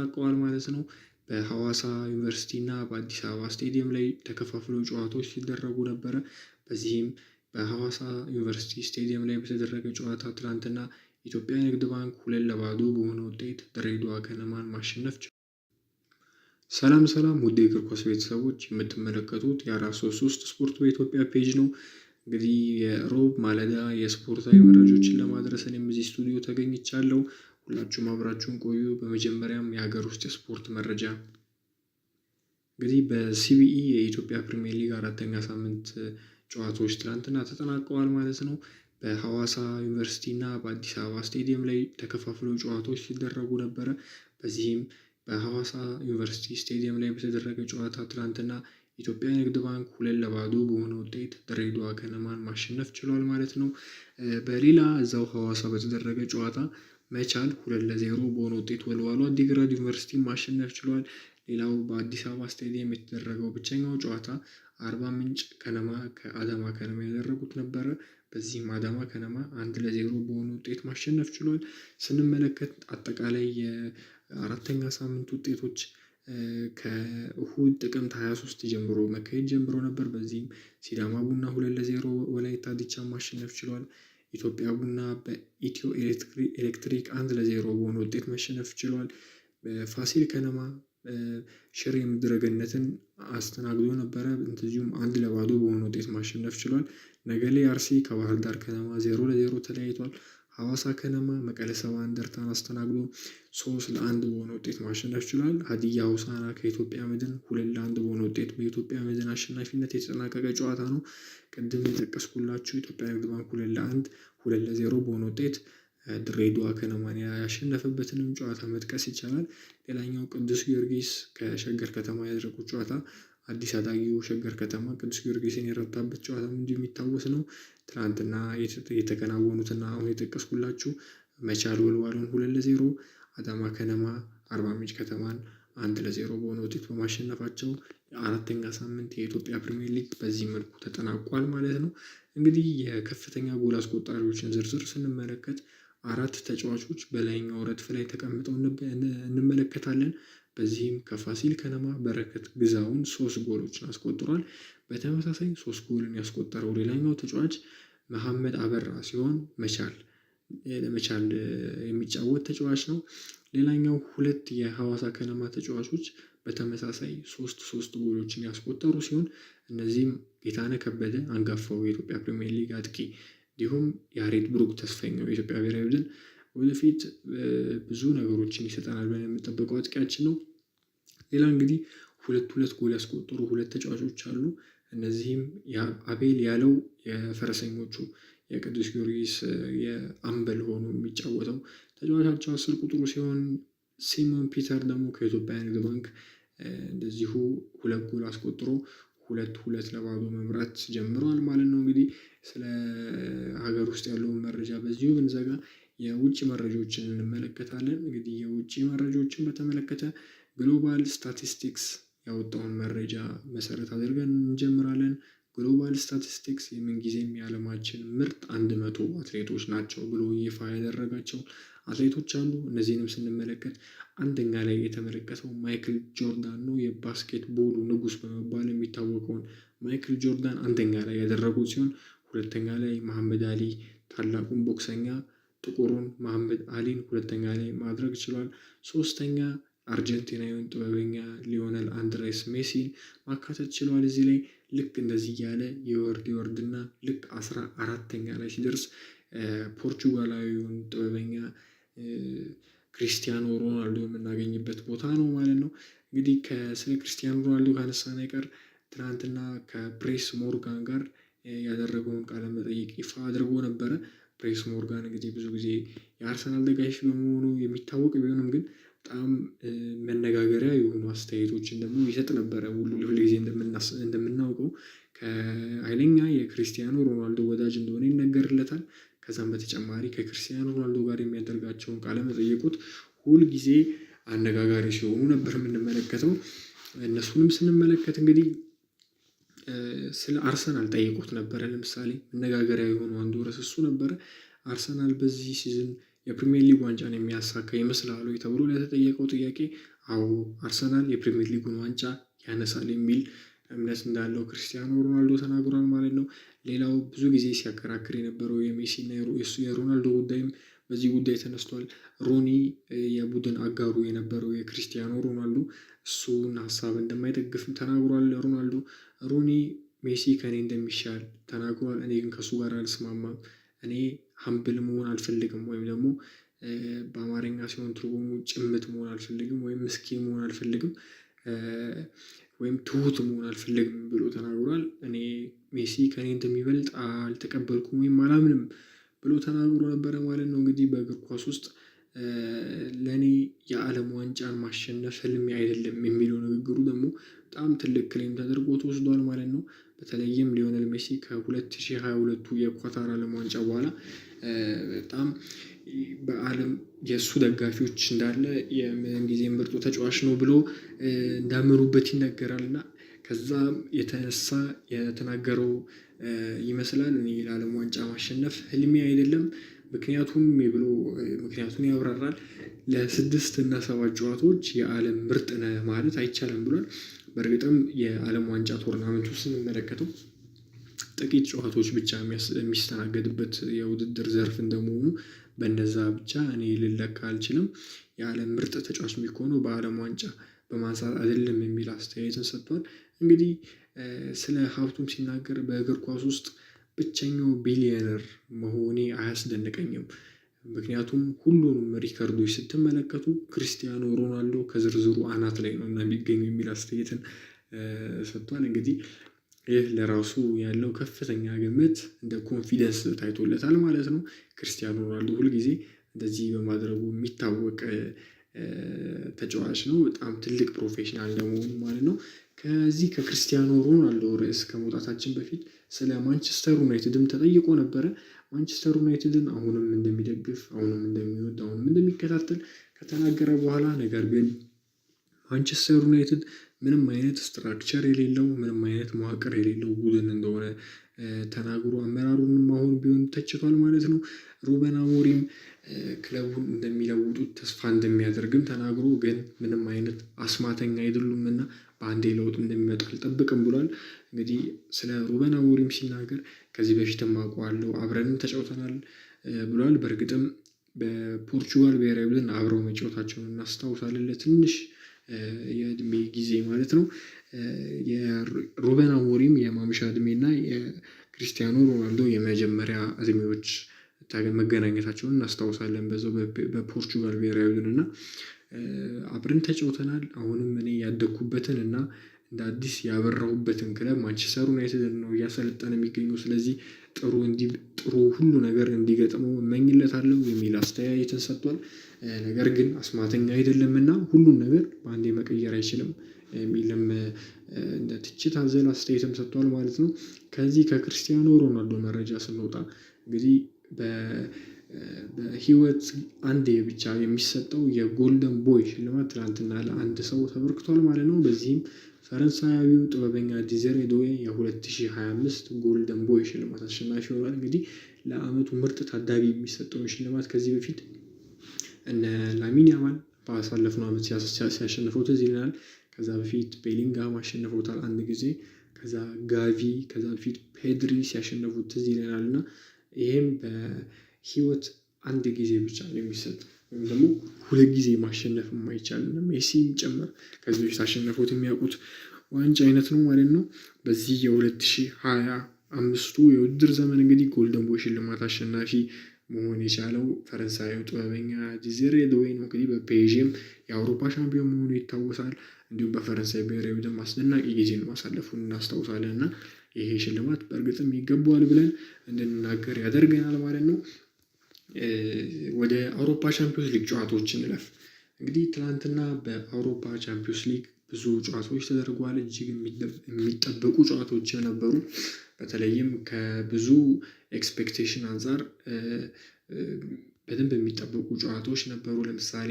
አቀዋል ማለት ነው። በሐዋሳ ዩኒቨርሲቲ እና በአዲስ አበባ ስቴዲየም ላይ ተከፋፍሎ ጨዋታዎች ሲደረጉ ነበረ። በዚህም በሐዋሳ ዩኒቨርሲቲ ስቴዲየም ላይ በተደረገ ጨዋታ ትላንትና ኢትዮጵያ ንግድ ባንክ ሁለት ለባዶ በሆነ ውጤት ድሬዳዋ ከነማን ማሸነፍ ችሏል። ሰላም ሰላም ውድ የእግር ኳስ ቤተሰቦች የምትመለከቱት የአራት ሶስት ውስጥ ስፖርት በኢትዮጵያ ፔጅ ነው። እንግዲህ የሮብ ማለዳ የስፖርታዊ መረጃዎችን ለማድረስ እኔም እዚህ ስቱዲዮ ተገኝቻለሁ። ሁላችሁም አብራችሁን ቆዩ። በመጀመሪያም የሀገር ውስጥ የስፖርት መረጃ እንግዲህ በሲቢኢ የኢትዮጵያ ፕሪሚየር ሊግ አራተኛ ሳምንት ጨዋታዎች ትላንትና ተጠናቀዋል ማለት ነው። በሐዋሳ ዩኒቨርሲቲ እና በአዲስ አበባ ስቴዲየም ላይ ተከፋፍለው ጨዋታዎች ሲደረጉ ነበረ። በዚህም በሐዋሳ ዩኒቨርሲቲ ስቴዲየም ላይ በተደረገ ጨዋታ ትላንትና ኢትዮጵያ ንግድ ባንክ ሁለት ለባዶ በሆነ ውጤት ድሬዳዋ ከነማን ማሸነፍ ችሏል ማለት ነው። በሌላ እዛው ሐዋሳ በተደረገ ጨዋታ መቻል ሁለት ለዜሮ በሆነ ውጤት ወልዋሎ አዲግራት ዩኒቨርሲቲ ማሸነፍ ችሏል። ሌላው በአዲስ አበባ ስታዲየም የተደረገው ብቸኛው ጨዋታ አርባ ምንጭ ከነማ ከአዳማ ከነማ ያደረጉት ነበረ። በዚህም አዳማ ከነማ አንድ ለዜሮ በሆነ ውጤት ማሸነፍ ችሏል። ስንመለከት አጠቃላይ የአራተኛ ሳምንት ውጤቶች ከእሁድ ጥቅምት 23 ጀምሮ መካሄድ ጀምሮ ነበር። በዚህም ሲዳማ ቡና ሁለት ለዜሮ ወላይታ ዲቻ ማሸነፍ ችሏል። ኢትዮጵያ ቡና በኢትዮ ኤሌክትሪክ አንድ ለዜሮ በሆነ ውጤት መሸነፍ ችሏል። ፋሲል ከነማ ሽሬ ምድረገነትን አስተናግዶ ነበረ እንደዚሁም አንድ ለባዶ በሆነ ውጤት ማሸነፍ ችሏል። ነገሌ አርሲ ከባህር ዳር ከነማ ዜሮ ለዜሮ ተለያይቷል። ሀዋሳ ከነማ መቀለ ሰባ እንደርታን አስተናግዶ ሶስት ለአንድ በሆነ ውጤት ማሸነፍ ችሏል። ሀዲያ ሆሳዕና ከኢትዮጵያ መድን ሁለት ለአንድ በሆነ ውጤት በኢትዮጵያ መድን አሸናፊነት የተጠናቀቀ ጨዋታ ነው። ቅድም የጠቀስኩላችሁ ኢትዮጵያ ንግድ ባንክ ሁለት ለአንድ ሁለት ለዜሮ በሆነ ውጤት ድሬዳዋ ከነማን ያሸነፈበትንም ጨዋታ መጥቀስ ይቻላል። ሌላኛው ቅዱስ ጊዮርጊስ ከሸገር ከተማ ያደረጉት ጨዋታ አዲስ አዳጊው ሸገር ከተማ ቅዱስ ጊዮርጊስን የረታበት ጨዋታም እንዲሁ የሚታወስ ነው። ትላንትና የተከናወኑትና አሁን የጠቀስኩላችሁ መቻል ወልዋሎን ሁለት ለዜሮ አዳማ ከነማ አርባ ምንጭ ከተማን አንድ ለዜሮ በሆነ ውጤት በማሸነፋቸው የአራተኛ ሳምንት የኢትዮጵያ ፕሪሚየር ሊግ በዚህ መልኩ ተጠናቋል ማለት ነው። እንግዲህ የከፍተኛ ጎል አስቆጣሪዎችን ዝርዝር ስንመለከት አራት ተጫዋቾች በላይኛው ረድፍ ላይ ተቀምጠው እንመለከታለን። በዚህም ከፋሲል ከነማ በረከት ግዛውን ሶስት ጎሎችን አስቆጥሯል። በተመሳሳይ ሶስት ጎልን ያስቆጠረው ሌላኛው ተጫዋች መሐመድ አበራ ሲሆን መቻል ለመቻል የሚጫወት ተጫዋች ነው። ሌላኛው ሁለት የሐዋሳ ከነማ ተጫዋቾች በተመሳሳይ ሶስት ሶስት ጎሎችን ያስቆጠሩ ሲሆን እነዚህም ጌታነህ ከበደ አንጋፋው የኢትዮጵያ ፕሪሚየር ሊግ አጥቂ እንዲሁም ያሬድ ብሩክ ተስፈኛው የኢትዮጵያ ብሔራዊ ቡድን ወደፊት ብዙ ነገሮችን ይሰጠናል ብለን የምንጠብቀው አጥቂያችን ነው። ሌላ እንግዲህ ሁለት ሁለት ጎል ያስቆጠሩ ሁለት ተጫዋቾች አሉ። እነዚህም አቤል ያለው የፈረሰኞቹ የቅዱስ ጊዮርጊስ የአምበል ሆኖ የሚጫወተው ተጫዋቻቸው አስር ቁጥሩ ሲሆን ሲሞን ፒተር ደግሞ ከኢትዮጵያ ንግድ ባንክ እንደዚሁ ሁለት ጎል አስቆጥሮ ሁለት ሁለት ለባዶ መምራት ጀምረዋል ማለት ነው። እንግዲህ ስለ ሀገር ውስጥ ያለውን መረጃ በዚሁ ብንዘጋ የውጭ መረጃዎችን እንመለከታለን። እንግዲህ የውጭ መረጃዎችን በተመለከተ ግሎባል ስታቲስቲክስ ያወጣውን መረጃ መሰረት አድርገን እንጀምራለን። ግሎባል ስታቲስቲክስ የምንጊዜም የዓለማችን ምርጥ አንድ መቶ አትሌቶች ናቸው ብሎ ይፋ ያደረጋቸው አትሌቶች አሉ። እነዚህንም ስንመለከት አንደኛ ላይ የተመለከተው ማይክል ጆርዳን ነው። የባስኬት ቦሉ ንጉስ በመባል የሚታወቀውን ማይክል ጆርዳን አንደኛ ላይ ያደረጉት ሲሆን ሁለተኛ ላይ መሐመድ አሊ ታላቁን ቦክሰኛ ጥቁሩን መሐመድ አሊን ሁለተኛ ላይ ማድረግ ችሏል። ሶስተኛ አርጀንቲናዊውን ጥበበኛ ሊዮነል አንድሬስ ሜሲን ማካተት ችሏል። እዚህ ላይ ልክ እንደዚህ እያለ የወርድ የወርድና ልክ አስራ አራተኛ ላይ ሲደርስ ፖርቹጋላዊውን ጥበበኛ ክሪስቲያኖ ሮናልዶ የምናገኝበት ቦታ ነው ማለት ነው። እንግዲህ ስለ ክሪስቲያኖ ሮናልዶ ካነሳን አይቀር ትናንትና ከፕሬስ ሞርጋን ጋር ያደረገውን ቃለ መጠይቅ ይፋ አድርጎ ነበረ። ፕሬስ ሞርጋን እንግዲህ ብዙ ጊዜ የአርሰናል ደጋፊ በመሆኑ የሚታወቅ ቢሆንም ግን በጣም መነጋገሪያ የሆኑ አስተያየቶችን ደግሞ ይሰጥ ነበረ። ሁሉ ጊዜ እንደምናውቀው ከኃይለኛ የክርስቲያኖ ሮናልዶ ወዳጅ እንደሆነ ይነገርለታል። ከዛም በተጨማሪ ከክርስቲያኖ ሮናልዶ ጋር የሚያደርጋቸውን ቃለ መጠየቁት ሁል ጊዜ አነጋጋሪ ሲሆኑ ነበር የምንመለከተው። እነሱንም ስንመለከት እንግዲህ ስለ አርሰናል ጠይቁት ነበረ። ለምሳሌ መነጋገሪያ የሆኑ አንዱ ርዕስ እሱ ነበረ። አርሰናል በዚህ ሲዝን የፕሪሚየር ሊግ ዋንጫን የሚያሳካ ይመስላሉ ተብሎ ለተጠየቀው ጥያቄ አዎ አርሰናል የፕሪሚየር ሊጉን ዋንጫ ያነሳል የሚል እምነት እንዳለው ክርስቲያኖ ሮናልዶ ተናግሯል ማለት ነው። ሌላው ብዙ ጊዜ ሲያከራክር የነበረው የሜሲና የሮናልዶ ጉዳይም በዚህ ጉዳይ ተነስቷል። ሮኒ የቡድን አጋሩ የነበረው የክርስቲያኖ ሮናልዶ እሱን ሀሳብ እንደማይደግፍም ተናግሯል ሮናልዶ ሩኒ ሜሲ ከእኔ እንደሚሻል ተናግሯል። እኔ ግን ከእሱ ጋር አልስማማም። እኔ ሀምብል መሆን አልፈልግም ወይም ደግሞ በአማርኛ ሲሆን ትርጉሙ ጭምት መሆን አልፈልግም ወይም ምስኪን መሆን አልፈልግም ወይም ትሁት መሆን አልፈልግም ብሎ ተናግሯል። እኔ ሜሲ ከእኔ እንደሚበልጥ አልተቀበልኩም ወይም አላምንም ብሎ ተናግሮ ነበረ ማለት ነው። እንግዲህ በእግር ኳስ ውስጥ ለእኔ የአለም ዋንጫን ማሸነፍ ህልሜ አይደለም የሚለው ንግግሩ ደግሞ በጣም ትልቅ ክሌም ተደርጎ ተወስዷል ማለት ነው። በተለይም ሊዮነል ሜሲ ከ2022 የኳታር ዓለም ዋንጫ በኋላ በጣም በአለም የእሱ ደጋፊዎች እንዳለ የምን ጊዜም ምርጡ ተጫዋች ነው ብሎ እንዳመኑበት ይነገራል እና ከዛ የተነሳ የተናገረው ይመስላል እኔ ለአለም ዋንጫ ማሸነፍ ህልሜ አይደለም ምክንያቱም ብሎ ምክንያቱን ያብራራል። ለስድስት እና ሰባት ጨዋታዎች የዓለም ምርጥ ነህ ማለት አይቻልም ብሏል። በእርግጥም የዓለም ዋንጫ ቶርናመንት ውስጥ ስንመለከተው ጥቂት ጨዋታዎች ብቻ የሚስተናገድበት የውድድር ዘርፍ እንደመሆኑ በነዛ ብቻ እኔ ልለካ አልችልም። የዓለም ምርጥ ተጫዋች የሚሆነው በዓለም ዋንጫ በማንሳት አይደለም የሚል አስተያየትን ሰጥቷል። እንግዲህ ስለ ሀብቱም ሲናገር በእግር ኳስ ውስጥ ብቸኛው ቢሊየነር መሆኔ አያስደንቀኝም። ምክንያቱም ሁሉንም ሪከርዶች ስትመለከቱ ክርስቲያኖ ሮናልዶ ከዝርዝሩ አናት ላይ ነው እና የሚገኙ የሚል አስተያየትን ሰጥቷል። እንግዲህ ይህ ለራሱ ያለው ከፍተኛ ግምት እንደ ኮንፊደንስ ታይቶለታል ማለት ነው። ክርስቲያኖ ሮናልዶ ሁልጊዜ እንደዚህ በማድረጉ የሚታወቅ ተጫዋች ነው። በጣም ትልቅ ፕሮፌሽናል እንደመሆኑ ማለት ነው። ከዚህ ከክርስቲያኖ ሮናልዶ ርዕስ ከመውጣታችን በፊት ስለ ማንቸስተር ዩናይትድም ተጠይቆ ነበረ። ማንቸስተር ዩናይትድን አሁንም እንደሚደግፍ አሁንም እንደሚወድ አሁንም እንደሚከታተል ከተናገረ በኋላ ነገር ግን ማንቸስተር ዩናይትድ ምንም አይነት ስትራክቸር የሌለው ምንም አይነት መዋቅር የሌለው ቡድን እንደሆነ ተናግሮ አመራሩንም አሁን ቢሆን ተችቷል ማለት ነው። ሩበን አሞሪም ክለቡን እንደሚለውጡት ተስፋ እንደሚያደርግም ተናግሮ ግን ምንም አይነት አስማተኛ አይደሉም እና በአንዴ ለውጥ እንደሚመጣ አልጠብቅም ብሏል። እንግዲህ ስለ ሩበን አሞሪም ሲናገር ከዚህ በፊትም አውቀዋለሁ አብረንም ተጫውተናል ብሏል። በእርግጥም በፖርቹጋል ብሔራዊ ቡድን አብረው መጫወታቸውን እናስታውሳለን ለትንሽ የእድሜ ጊዜ ማለት ነው። የሩበን አሞሪም የማምሻ እና የክርስቲያኖ ሮናልዶ የመጀመሪያ እድሜዎች መገናኘታቸውን እናስታውሳለን በዛው በፖርቹጋል ብሔራዊ ቡድን እና አብረን ተጫውተናል። አሁንም እኔ ያደግኩበትን እና እንደ አዲስ ያበራሁበትን ክለብ ማንቸስተር ዩናይትድ ነው እያሰለጠነ የሚገኘው። ስለዚህ ጥሩ ጥሩ ሁሉ ነገር እንዲገጥመው እመኝለታለሁ የሚል አስተያየትን ሰጥቷል። ነገር ግን አስማተኛ አይደለምና ሁሉን ነገር በአንዴ መቀየር አይችልም የሚልም እንደ ትችት አዘል አስተያየትም ሰጥቷል ማለት ነው። ከዚህ ከክርስቲያኖ ሮናልዶ መረጃ ስንወጣ እንግዲህ በ በህይወት አንድ ብቻ የሚሰጠው የጎልደን ቦይ ሽልማት ትናንትና ለአንድ ሰው ተበርክቷል ማለት ነው። በዚህም ፈረንሳያዊው ጥበበኛ ዲዘሬ ዶ የ2025 ጎልደን ቦይ ሽልማት አሸናፊ ሆኗል። እንግዲህ ለአመቱ ምርጥ ታዳጊ የሚሰጠውን ሽልማት ከዚህ በፊት እነ ላሚን ያማል ዓመት ሲያሸንፈው ትዝ ይለናል። ከዛ በፊት ቤሊንጋም አሸንፈውታል አንድ ጊዜ። ከዛ ጋቪ ከዛ በፊት ፔድሪ ሲያሸንፉት ትዝ ይለናል እና ይሄም ህይወት አንድ ጊዜ ብቻ ነው የሚሰጥ ወይም ደግሞ ሁለት ጊዜ ማሸነፍ የማይቻልና ሜሲም ጭምር ከዚህ በፊት አሸነፉት የሚያውቁት ዋንጫ አይነት ነው ማለት ነው። በዚህ የ2020 አምስቱ የውድድር ዘመን እንግዲህ ጎልደን ቦይ ሽልማት አሸናፊ መሆን የቻለው ፈረንሳዊ ጥበበኛ ዲዜሬ ዶዌ ነው። እንግዲህ በፔዥም የአውሮፓ ሻምፒዮን መሆኑ ይታወሳል። እንዲሁም በፈረንሳይ ብሔራዊ ቡድን አስደናቂ ጊዜን ማሳለፉን እናስታውሳለን እና ይሄ ሽልማት በእርግጥም ይገባዋል ብለን እንድንናገር ያደርገናል ማለት ነው። ወደ አውሮፓ ቻምፒዮንስ ሊግ ጨዋታዎች እንለፍ። እንግዲህ ትናንትና በአውሮፓ ቻምፒዮንስ ሊግ ብዙ ጨዋታዎች ተደርጓል። እጅግ የሚጠበቁ ጨዋታዎች ነበሩ። በተለይም ከብዙ ኤክስፔክቴሽን አንጻር በደንብ የሚጠበቁ ጨዋታዎች ነበሩ። ለምሳሌ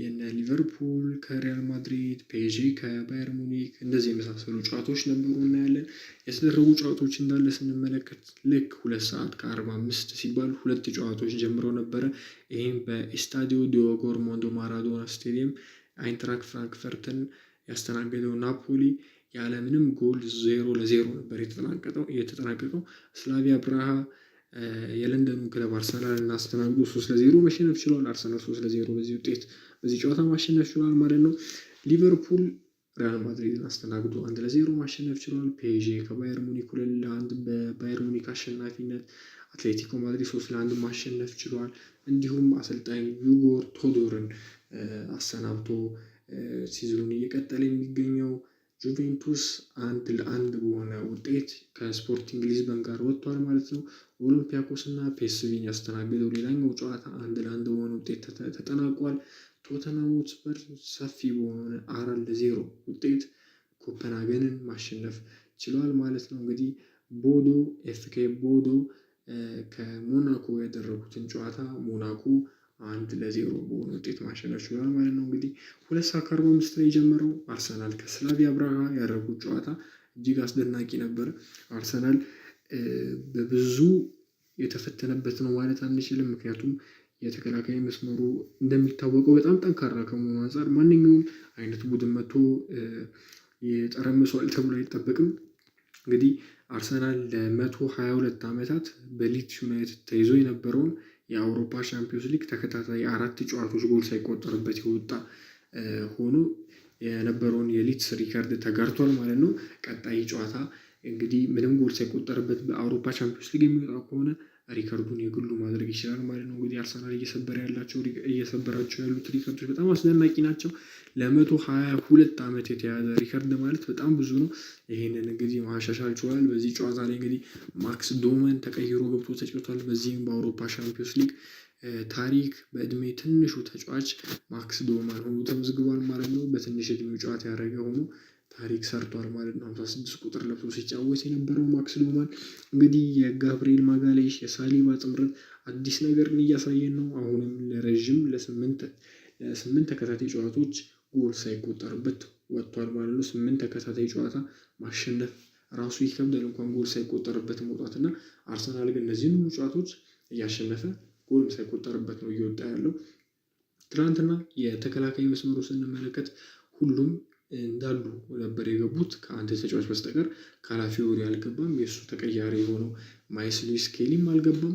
የነ ሊቨርፑል ከሪያል ማድሪድ፣ ፔጂ ከባየር ሙኒክ እንደዚህ የመሳሰሉ ጨዋታዎች ነበሩ እናያለን። የተደረጉ ጨዋታዎች እንዳለ ስንመለከት ልክ ሁለት ሰዓት ከአርባ አምስት ሲባል ሁለት ጨዋታዎች ጀምረው ነበረ። ይህም በኢስታዲዮ ዲዮጎ አርማንዶ ማራዶና ስቴዲየም አይንትራክ ፍራንክፈርትን ያስተናገደው ናፖሊ ያለምንም ጎል ዜሮ ለዜሮ ነበር የተጠናቀቀው። ስላቪያ ብርሃ የለንደኑ ክለብ አርሰናልን አስተናግዶ ሶስት ለዜሮ መሸነፍ ችሏል። አርሰናል ሶስት ለዜሮ በዚህ ውጤት በዚህ ጨዋታ ማሸነፍ ችሏል ማለት ነው። ሊቨርፑል ሪያል ማድሪድን አስተናግዶ አንድ ለዜሮ ማሸነፍ ችሏል። ፔዤ ከባየር ሙኒክ ሁለት ለአንድ በባየር ሙኒክ አሸናፊነት፣ አትሌቲኮ ማድሪድ ሶስት ለአንድ ማሸነፍ ችሏል። እንዲሁም አሰልጣኝ ዩጎር ቶዶርን አሰናብቶ ሲዝኑን እየቀጠለ የሚገኘው ጁቬንቱስ አንድ ለአንድ በሆነ ውጤት ከስፖርቲንግ ሊዝበን ጋር ወጥቷል ማለት ነው። ኦሎምፒያኮስ እና ፔስቪን ያስተናገደው ሌላኛው ጨዋታ አንድ ለአንድ በሆነ ውጤት ተጠናቋል። ቶተንሃም ሆትስፐር ሰፊ በሆነ አራት ለዜሮ ውጤት ኮፐንሃገንን ማሸነፍ ችሏል ማለት ነው። እንግዲህ ቦዶ ኤፍኬ ቦዶ ከሞናኮ ያደረጉትን ጨዋታ ሞናኮ አንድ ለዜሮ በሆነ ውጤት ማሸነፍ ችሏል ማለት ነው። እንግዲህ ሁለት ሰዓት ከአርባ አምስት ላይ የጀመረው አርሰናል ከስላቪያ ብራሃ ያደረጉት ጨዋታ እጅግ አስደናቂ ነበር። አርሰናል በብዙ የተፈተነበት ነው ማለት አንችልም። ምክንያቱም የተከላካይ መስመሩ እንደሚታወቀው በጣም ጠንካራ ከመሆኑ አንጻር ማንኛውም አይነት ቡድን መጥቶ የጠረምሰዋል ተብሎ አይጠበቅም። እንግዲህ አርሰናል ለመቶ ሀያ ሁለት ዓመታት በሊድስ ዩናይትድ ተይዞ የነበረውን የአውሮፓ ሻምፒዮንስ ሊግ ተከታታይ አራት ጨዋቶች ጎል ሳይቆጠርበት የወጣ ሆኖ የነበረውን የሊድስ ሪከርድ ተጋርቷል ማለት ነው። ቀጣይ ጨዋታ እንግዲህ ምንም ጎል ሳይቆጠርበት በአውሮፓ ቻምፒዮንስ ሊግ የሚወጣ ከሆነ ሪከርዱን የግሉ ማድረግ ይችላል ማለት ነው። እንግዲህ አርሰናል እየሰበረ ያላቸው እየሰበራቸው ያሉት ሪከርዶች በጣም አስደናቂ ናቸው። ለመቶ ሀያ ሁለት ዓመት የተያዘ ሪከርድ ማለት በጣም ብዙ ነው። ይህንን እንግዲህ ማሻሻል ችሏል። በዚህ ጨዋታ ላይ እንግዲህ ማክስ ዶመን ተቀይሮ ገብቶ ተጫውቷል። በዚህም በአውሮፓ ሻምፒዮንስ ሊግ ታሪክ በእድሜ ትንሹ ተጫዋች ማክስ ዶመን ሆኖ ተመዝግቧል ማለት ነው። በትንሽ እድሜው ጨዋታ ያደረገ ሆኖ ታሪክ ሰርቷል ማለት ነው። 56 ቁጥር ለብሶ ሲጫወት የነበረው ማክስ ኖማን እንግዲህ የጋብሪኤል ማጋሌሽ የሳሊባ ጥምረት አዲስ ነገርን እያሳየን ነው። አሁንም ለረዥም ለስምንት ተከታታይ ጨዋታዎች ጎል ሳይቆጠርበት ወጥቷል ማለት ነው። ስምንት ተከታታይ ጨዋታ ማሸነፍ ራሱ ይከብዳል እንኳን ጎል ሳይቆጠርበት መውጣት እና አርሰናል ግን እነዚህን ሁሉ ጨዋታዎች እያሸነፈ ጎል ሳይቆጠርበት ነው እየወጣ ያለው። ትናንትና የተከላካይ መስመሩ ስንመለከት ሁሉም እንዳሉ ነበር የገቡት ከአንድ ተጫዋች በስተቀር ካላፊዮሪ አልገባም። የእሱ ተቀያሪ የሆነው ማይስ ሉዊስ ኬሊም አልገባም።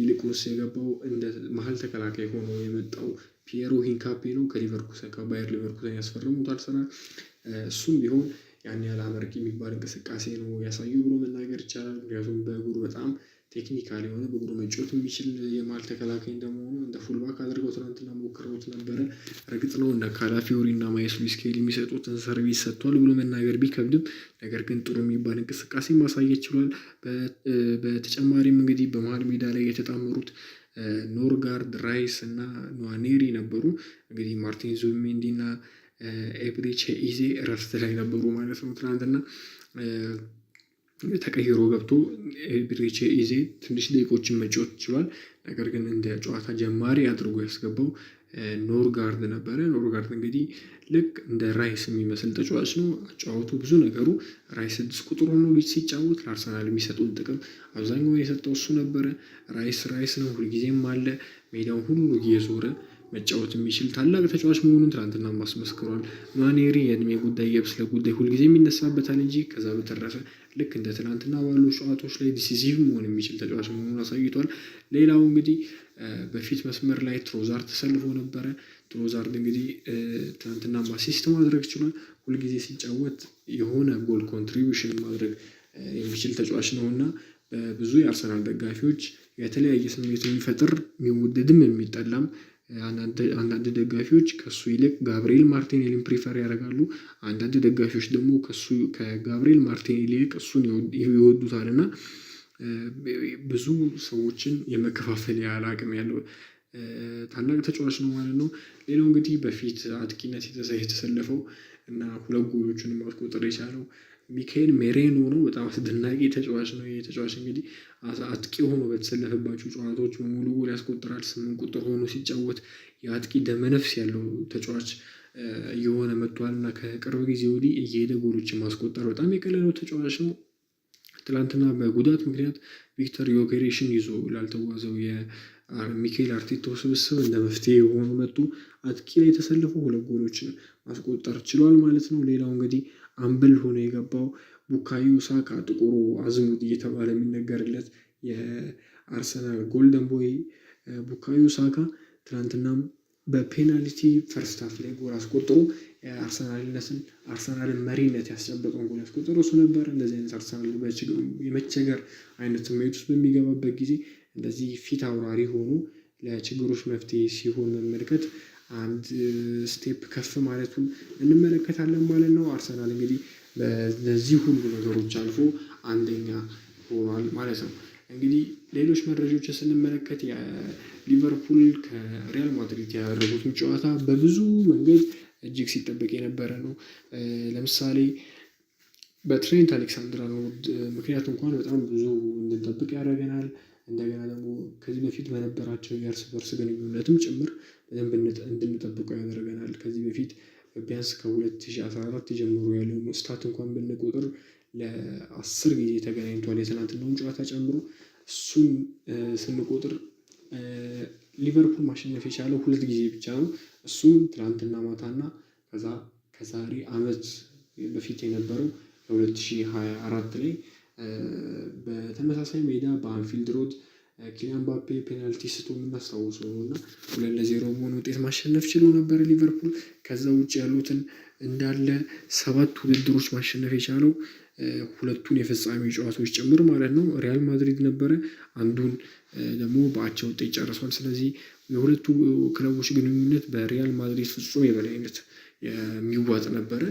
ይልቁንስ የገባው እንደ መሀል ተከላካይ ሆኖ የመጣው ፒየሮ ሂንካፔ ነው። ከሊቨርኩሰን ከባየር ሊቨርኩሰን ያስፈረሙት አርሰናል እሱም ቢሆን ያን ያህል አመርቂ የሚባል እንቅስቃሴ ነው ያሳየው ብሎ መናገር ይቻላል። ምክንያቱም በእግሩ በጣም ቴክኒካል የሆነ በእግሩ መጫወት የሚችል የመሃል ተከላካይ እንደመሆኑ እንደ ፉልባክ አድርገው ትናንትና ሞክረውት ነበረ። እርግጥ ነው እነ ካላፊዮሪ እና ማይልስ ስኬሊ የሚሰጡትን ሰርቪስ ሰጥቷል ብሎ መናገር ቢከብድም ነገር ግን ጥሩ የሚባል እንቅስቃሴ ማሳየት ችሏል። በተጨማሪም እንግዲህ በመሀል ሜዳ ላይ የተጣመሩት ኖርጋርድ፣ ራይስ እና ኗኔሪ ነበሩ። እንግዲህ ማርቲን ዙቢሜንዲ እና ኤቤሬቺ ኢዜ እረፍት ላይ ነበሩ ማለት ነው ትናንትና ተቀይሮ ገብቶ ብሬቼ ኢዜ ትንሽ ደቂቆችን መጫወት ችሏል። ነገር ግን እንደ ጨዋታ ጀማሪ አድርጎ ያስገባው ኖርጋርድ ነበረ። ኖርጋርድ እንግዲህ ልክ እንደ ራይስ የሚመስል ተጫዋች ነው። አጫዋቱ ብዙ ነገሩ ራይስ ስድስት ቁጥር ሆኖ ቤት ሲጫወት ለአርሰናል የሚሰጡን ጥቅም አብዛኛውን የሰጠው እሱ ነበረ። ራይስ ራይስ ነው፣ ሁልጊዜም አለ ሜዳውን ሁሉ እየዞረ መጫወት የሚችል ታላቅ ተጫዋች መሆኑን ትናንትና ማስመስክሯል። ማኔሪ የእድሜ ጉዳይ፣ የብስለ ጉዳይ ሁልጊዜ የሚነሳበታል እንጂ ከዛ በተረፈ ልክ እንደ ትናንትና ባሉ ጨዋታዎች ላይ ዲሲዚቭ መሆን የሚችል ተጫዋች መሆኑን አሳይቷል። ሌላው እንግዲህ በፊት መስመር ላይ ትሮዛርድ ተሰልፎ ነበረ። ትሮዛርድ እንግዲህ ትናንትና አሲስት ማድረግ ችሏል። ሁልጊዜ ሲጫወት የሆነ ጎል ኮንትሪቢሽን ማድረግ የሚችል ተጫዋች ነው እና በብዙ የአርሰናል ደጋፊዎች የተለያየ ስሜት የሚፈጥር የሚወደድም የሚጠላም አንዳንድ ደጋፊዎች ከሱ ይልቅ ጋብርኤል ማርቲኔሊን ፕሪፈር ያደርጋሉ። አንዳንድ ደጋፊዎች ደግሞ ከሱ ከጋብርኤል ማርቲኔሊ ይልቅ እሱን ይወዱታል እና ብዙ ሰዎችን የመከፋፈል ያህል አቅም ያለው ታላቅ ተጫዋች ነው ማለት ነው። ሌላው እንግዲህ በፊት አጥቂነት የተሰለፈው እና ሁለት ጎሎችንም ማስቆጠር የቻለው ሚካኤል ሜሬኖ ነው። በጣም አስደናቂ ተጫዋች ነው። ይህ ተጫዋች እንግዲህ አጥቂ ሆኖ በተሰለፈባቸው ጨዋታዎች በሙሉ ጎል ያስቆጥራል። ስምንት ቁጥር ሆኖ ሲጫወት የአጥቂ ደመነፍስ ያለው ተጫዋች እየሆነ መጥቷል እና ከቅርብ ጊዜ ወዲህ እየሄደ ጎሎች ማስቆጠር በጣም የቀለለው ተጫዋች ነው። ትላንትና በጉዳት ምክንያት ቪክተር ዮኬሬሽን ይዞ ላልተጓዘው የሚካኤል አርቴታው ስብስብ እንደ መፍትሄ የሆኑ መጡ። አጥቂ ላይ የተሰልፎ ሁለት ጎሎችን ማስቆጠር ችሏል ማለት ነው። ሌላው እንግዲህ አምበል ሆኖ የገባው ቡካዮ ሳካ ጥቁሩ አዝሙድ እየተባለ የሚነገርለት የአርሰናል ጎልደን ቦይ ቡካዮ ሳካ ትናንትናም በፔናልቲ ፈርስታፍ ላይ ጎል አስቆጥሮ አርሰናልነትን አርሰናልን መሪነት ያስጨበጠውን ጎል ያስቆጠረ እሱ ነበር። እንደዚህ አይነት አርሰናል የመቸገር አይነት ስሜት ውስጥ በሚገባበት ጊዜ እንደዚህ ፊት አውራሪ ሆኖ ለችግሮች መፍትሄ ሲሆን መመልከት አንድ ስቴፕ ከፍ ማለቱን እንመለከታለን ማለት ነው። አርሰናል እንግዲህ በነዚህ ሁሉ ነገሮች አልፎ አንደኛ ሆኗል ማለት ነው። እንግዲህ ሌሎች መረጃዎች ስንመለከት ሊቨርፑል ከሪያል ማድሪድ ያደረጉትን ጨዋታ በብዙ መንገድ እጅግ ሲጠበቅ የነበረ ነው። ለምሳሌ በትሬንት አሌክሳንድር አርኖልድ ምክንያት እንኳን በጣም ብዙ እንድንጠብቅ ያደርገናል። እንደገና ደግሞ ከዚህ በፊት በነበራቸው የእርስ በርስ ግንኙነትም ጭምር እንድንጠብቀው ያደርገናል። ከዚህ በፊት ቢያንስ ከ2014 ጀምሮ ያለው ስታት እንኳን ብንቆጥር ለአስር ጊዜ ተገናኝቷል የትናንትናውን ጨዋታ ጨምሮ እሱን ስንቆጥር ሊቨርፑል ማሸነፍ የቻለው ሁለት ጊዜ ብቻ ነው። እሱም ትናንትና ማታና ከዛ ከዛሬ አመት በፊት የነበረው ከ2024 ላይ በተመሳሳይ ሜዳ በአንፊልድ ሮድ ኪሊያን ባፔ ፔናልቲ ስቶ የምናስታውሰው ነው እና ሁለት ለዜሮ መሆን ውጤት ማሸነፍ ችሎ ነበረ ሊቨርፑል። ከዛ ውጭ ያሉትን እንዳለ ሰባት ውድድሮች ማሸነፍ የቻለው ሁለቱን የፍጻሜ ጨዋታዎች ጭምር ማለት ነው ሪያል ማድሪድ ነበረ። አንዱን ደግሞ በአቻ ውጤት ጨርሷል። ስለዚህ የሁለቱ ክለቦች ግንኙነት በሪያል ማድሪድ ፍጹም የበላይነት የሚዋጥ ነበረ።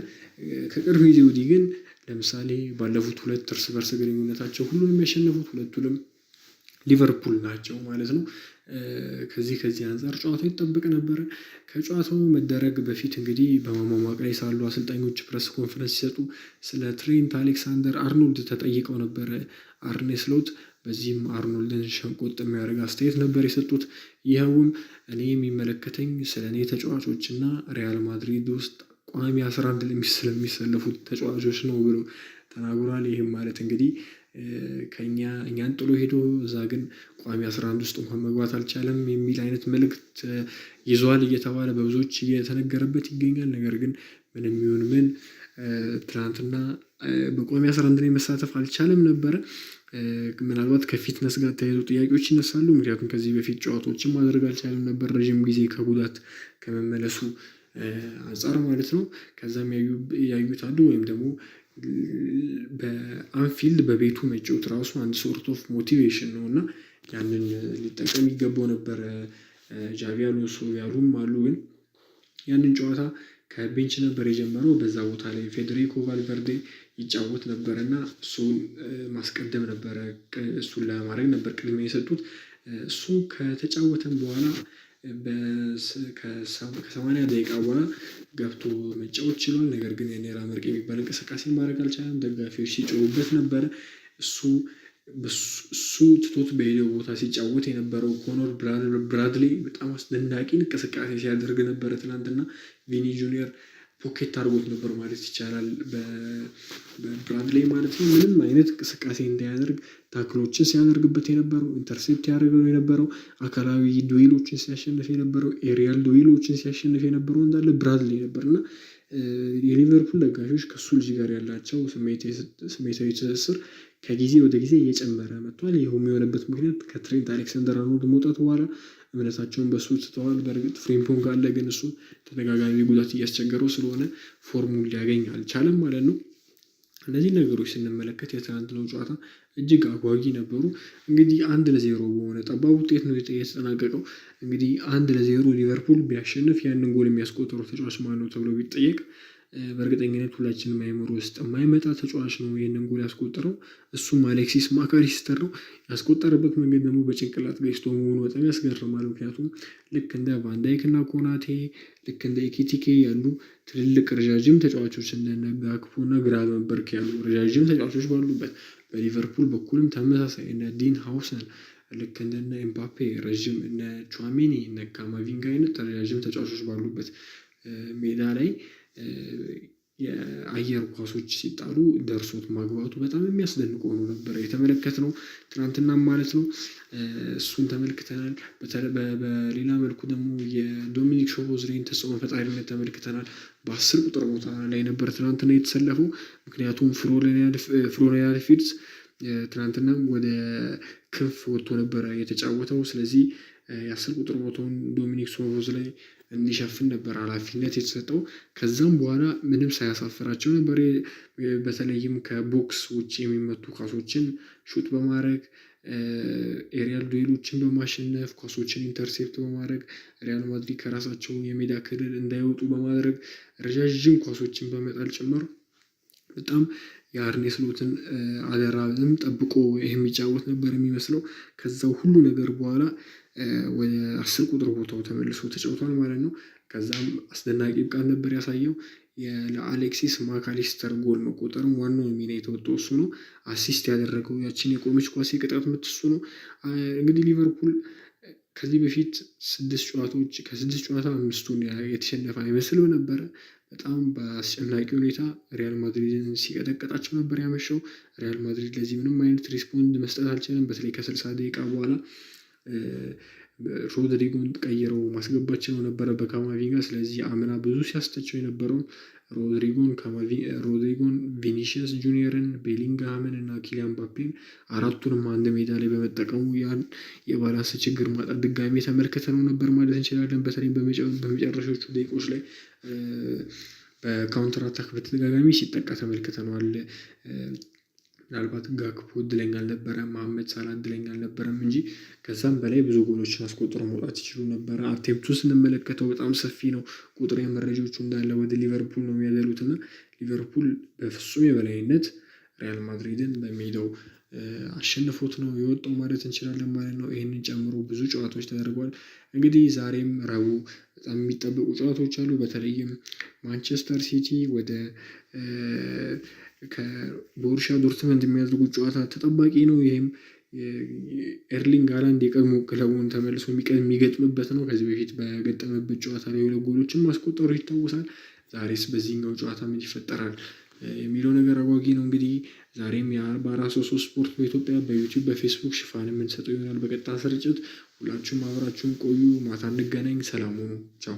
ከቅርብ ጊዜ ወዲህ ግን ለምሳሌ ባለፉት ሁለት እርስ በርስ ግንኙነታቸው ሁሉንም ያሸነፉት ሁለቱንም ሊቨርፑል ናቸው ማለት ነው። ከዚህ ከዚህ አንጻር ጨዋታው ይጠበቅ ነበረ። ከጨዋታው መደረግ በፊት እንግዲህ በማሟሟቅ ላይ ሳሉ አሰልጣኞች ፕሬስ ኮንፈረንስ ሲሰጡ ስለ ትሬንት አሌክሳንደር አርኖልድ ተጠይቀው ነበረ አርኔ ስሎት። በዚህም አርኖልድን ሸንቆጥ የሚያደርግ አስተያየት ነበር የሰጡት። ይኸውም እኔ የሚመለከተኝ ስለ እኔ እና ሪያል ማድሪድ ውስጥ ቋሚ አስራ አንድ ስለሚሰለፉት ተጫዋቾች ነው ብሎ ተናግሯል። ይህም ማለት እንግዲህ ከኛ እኛን ጥሎ ሄዶ እዛ ግን ቋሚ 11 ውስጥ እንኳን መግባት አልቻለም የሚል አይነት መልእክት ይዟል እየተባለ በብዙዎች እየተነገረበት ይገኛል። ነገር ግን ምንም ይሁን ምን ትናንትና በቋሚ 11 ላይ መሳተፍ አልቻለም ነበረ። ምናልባት ከፊትነስ ጋር ተያይዞ ጥያቄዎች ይነሳሉ። ምክንያቱም ከዚህ በፊት ጨዋታዎችን ማድረግ አልቻለም ነበር ረዥም ጊዜ ከጉዳት ከመመለሱ አንጻር ማለት ነው። ከዛም ያዩት አሉ ወይም ደግሞ በአንፊልድ በቤቱ መጫወት ራሱ አንድ ሶርት ኦፍ ሞቲቬሽን ነው እና ያንን ሊጠቀም ይገባው ነበረ። ጃቪ አሎንሶ ያሉም አሉ፣ ግን ያንን ጨዋታ ከቤንች ነበር የጀመረው። በዛ ቦታ ላይ ፌዴሪኮ ቫልቨርዴ ይጫወት ነበረ እና እሱን ማስቀደም ነበረ፣ እሱን ለማድረግ ነበር ቅድሚያ የሰጡት። እሱ ከተጫወተም በኋላ ከሰማንያ ደቂቃ በኋላ ገብቶ መጫወት ችሏል። ነገር ግን የኔራ መርቅ የሚባል እንቅስቃሴ ማድረግ አልቻለም። ደጋፊዎች ሲጮሁበት ነበረ። እሱ እሱ ትቶት በሄደው ቦታ ሲጫወት የነበረው ኮኖር ብራድሌ በጣም አስደናቂ እንቅስቃሴ ሲያደርግ ነበረ ትናንትና ቪኒ ጁኒየር ፖኬት አድርጎት ነበር ማለት ይቻላል። በብራንድ ላይ ማለት ነው። ምንም አይነት እንቅስቃሴ እንዳያደርግ ታክሎችን ሲያደርግበት የነበረው ኢንተርሴፕት ያደርገው የነበረው አካላዊ ዱዌሎችን ሲያሸንፍ የነበረው ኤሪያል ዱዌሎችን ሲያሸንፍ የነበረው እንዳለ ብራድሌ ነበር እና የሊቨርፑል ደጋፊዎች ከእሱ ልጅ ጋር ያላቸው ስሜታዊ ትስስር ከጊዜ ወደ ጊዜ እየጨመረ መጥቷል። ይኸውም የሆነበት ምክንያት ከትሬንት አሌክሳንደር አርኖልድ መውጣት በኋላ እምነታቸውን በሱ ትተዋል። በእርግጥ ፍሬምፖንግ አለ፣ ግን እሱ ተደጋጋሚ ጉዳት እያስቸገረው ስለሆነ ፎርሙን ሊያገኝ አልቻለም ማለት ነው። እነዚህ ነገሮች ስንመለከት የትናንትናው ጨዋታ እጅግ አጓጊ ነበሩ። እንግዲህ አንድ ለዜሮ በሆነ ጠባብ ውጤት ነው የተጠናቀቀው። እንግዲህ አንድ ለዜሮ ሊቨርፑል ቢያሸንፍ ያንን ጎል የሚያስቆጠሩ ተጫዋች ማን ነው ተብሎ ቢጠየቅ በእርግጠኝነት ሁላችንም አይምሮ ውስጥ የማይመጣ ተጫዋች ነው ይህንን ጎል ያስቆጠረው። እሱም አሌክሲስ ማካሪስተር ነው። ያስቆጠረበት መንገድ ደግሞ በጭንቅላት ገጭቶ መሆኑ በጣም ያስገርማል። ምክንያቱም ልክ እንደ ቫንዳይክ እና ኮናቴ፣ ልክ እንደ ኢኬቲኬ ያሉ ትልልቅ ረዣዥም ተጫዋቾች እንደነ ጋክፖ እና ግራቨንበርክ ያሉ ረዣዥም ተጫዋቾች ባሉበት በሊቨርፑል በኩልም ተመሳሳይ እነ ዲን ሃውሰን ልክ እንደነ ኤምፓፔ ረዥም እነ ቹዋሜኒ እነ ካማቪንጋ አይነት ረዣዥም ተጫዋቾች ባሉበት ሜዳ ላይ የአየር ኳሶች ሲጣሉ ደርሶት ማግባቱ በጣም የሚያስደንቅ ሆኖ ነበረ የተመለከትነው ትናንትና ማለት ነው። እሱን ተመልክተናል። በሌላ መልኩ ደግሞ የዶሚኒክ ሾቦዝሌን ተጽዕኖ ፈጣሪነት ተመልክተናል። በአስር ቁጥር ቦታ ላይ ነበር ትናንትና የተሰለፈው ምክንያቱም ፍሎሪያን ፊልፕስ ትናንትና ወደ ክንፍ ወጥቶ ነበረ የተጫወተው ስለዚህ የአስር ቁጥር ቦታውን ዶሚኒክ ሶቮዝ ላይ እንዲሸፍን ነበር ኃላፊነት የተሰጠው። ከዛም በኋላ ምንም ሳያሳፍራቸው ነበር በተለይም ከቦክስ ውጭ የሚመቱ ኳሶችን ሹት በማድረግ ኤሪያል ዱዌሎችን በማሸነፍ ኳሶችን ኢንተርሴፕት በማድረግ ሪያል ማድሪድ ከራሳቸው የሜዳ ክልል እንዳይወጡ በማድረግ ረዣዥም ኳሶችን በመጣል ጭምር በጣም የአርኔ ስሎትን አደራንም ጠብቆ የሚጫወት ነበር የሚመስለው። ከዛው ሁሉ ነገር በኋላ ወደ አስር ቁጥር ቦታው ተመልሶ ተጫውቷል ማለት ነው። ከዛም አስደናቂ ብቃት ነበር ያሳየው። ለአሌክሲስ ማካሊስተር ጎል መቆጠርም ዋናው ሚና የተወጣው እሱ ነው። አሲስት ያደረገው ያችን የቆመች ኳስ የቅጣት ምት እሱ ነው። እንግዲህ ሊቨርፑል ከዚህ በፊት ስድስት ጨዋታዎች ከስድስት ጨዋታ አምስቱን የተሸነፈ አይመስልም ነበረ። በጣም በአስጨናቂ ሁኔታ ሪያል ማድሪድን ሲቀጠቀጣቸው ነበር ያመሸው። ሪያል ማድሪድ ለዚህ ምንም አይነት ሪስፖንድ መስጠት አልቻለም። በተለይ ከስልሳ ደቂቃ በኋላ ሮድሪጎን ቀይረው ማስገባት ችለው ነበረ በካማቪንጋ። ስለዚህ አምና ብዙ ሲያስተቸው የነበረው ሮድሪጎን ሮድሪጎን፣ ቪኒሽስ ጁኒየርን፣ ቤሊንግሃምን እና ኪሊያን ባፔን አራቱንም አንድ ሜዳ ላይ በመጠቀሙ ያን የባላንስ ችግር ማጣት ድጋሚ ተመልክተ ነው ነበር ማለት እንችላለን። በተለይም በመጨረሻዎቹ ደቂቆች ላይ በካውንተር አታክ በተደጋጋሚ ሲጠቃ ተመልክተነዋል። ምናልባት ጋክፖ እድለኛ አልነበረም፣ መሐመድ ሳላ እድለኛ አልነበረም እንጂ ከዛም በላይ ብዙ ጎሎችን አስቆጥሮ መውጣት ይችሉ ነበረ። አርቴምቱ ስንመለከተው በጣም ሰፊ ነው። ቁጥር መረጃዎቹ እንዳለ ወደ ሊቨርፑል ነው እና ሊቨርፑል በፍጹም የበላይነት ሪያል ማድሪድን በሜዳው አሸንፎት ነው የወጣው ማለት እንችላለን ማለት ነው። ይህንን ጨምሮ ብዙ ጨዋታዎች ተደርጓል። እንግዲህ ዛሬም ረቡዕ በጣም የሚጠበቁ ጨዋታዎች አሉ። በተለይም ማንቸስተር ሲቲ ወደ ከቦሩሺያ ዶርትመንት የሚያደርጉት ጨዋታ ተጠባቂ ነው። ይህም ኤርሊንግ ሃላንድ የቀድሞ ክለቡን ተመልሶ የሚገጥምበት ነው። ከዚህ በፊት በገጠመበት ጨዋታ ላይ ሁለት ጎሎችን ማስቆጠሩ ይታወሳል። ዛሬስ በዚህኛው ጨዋታ ምን ይፈጠራል የሚለው ነገር አጓጊ ነው። እንግዲህ ዛሬም የአራት ሶስት ስፖርት በኢትዮጵያ በዩቲዩብ በፌስቡክ ሽፋን የምንሰጠው ይሆናል በቀጥታ ስርጭት። ሁላችሁም አብራችሁን ቆዩ። ማታ እንገናኝ። ሰላሙ ቻው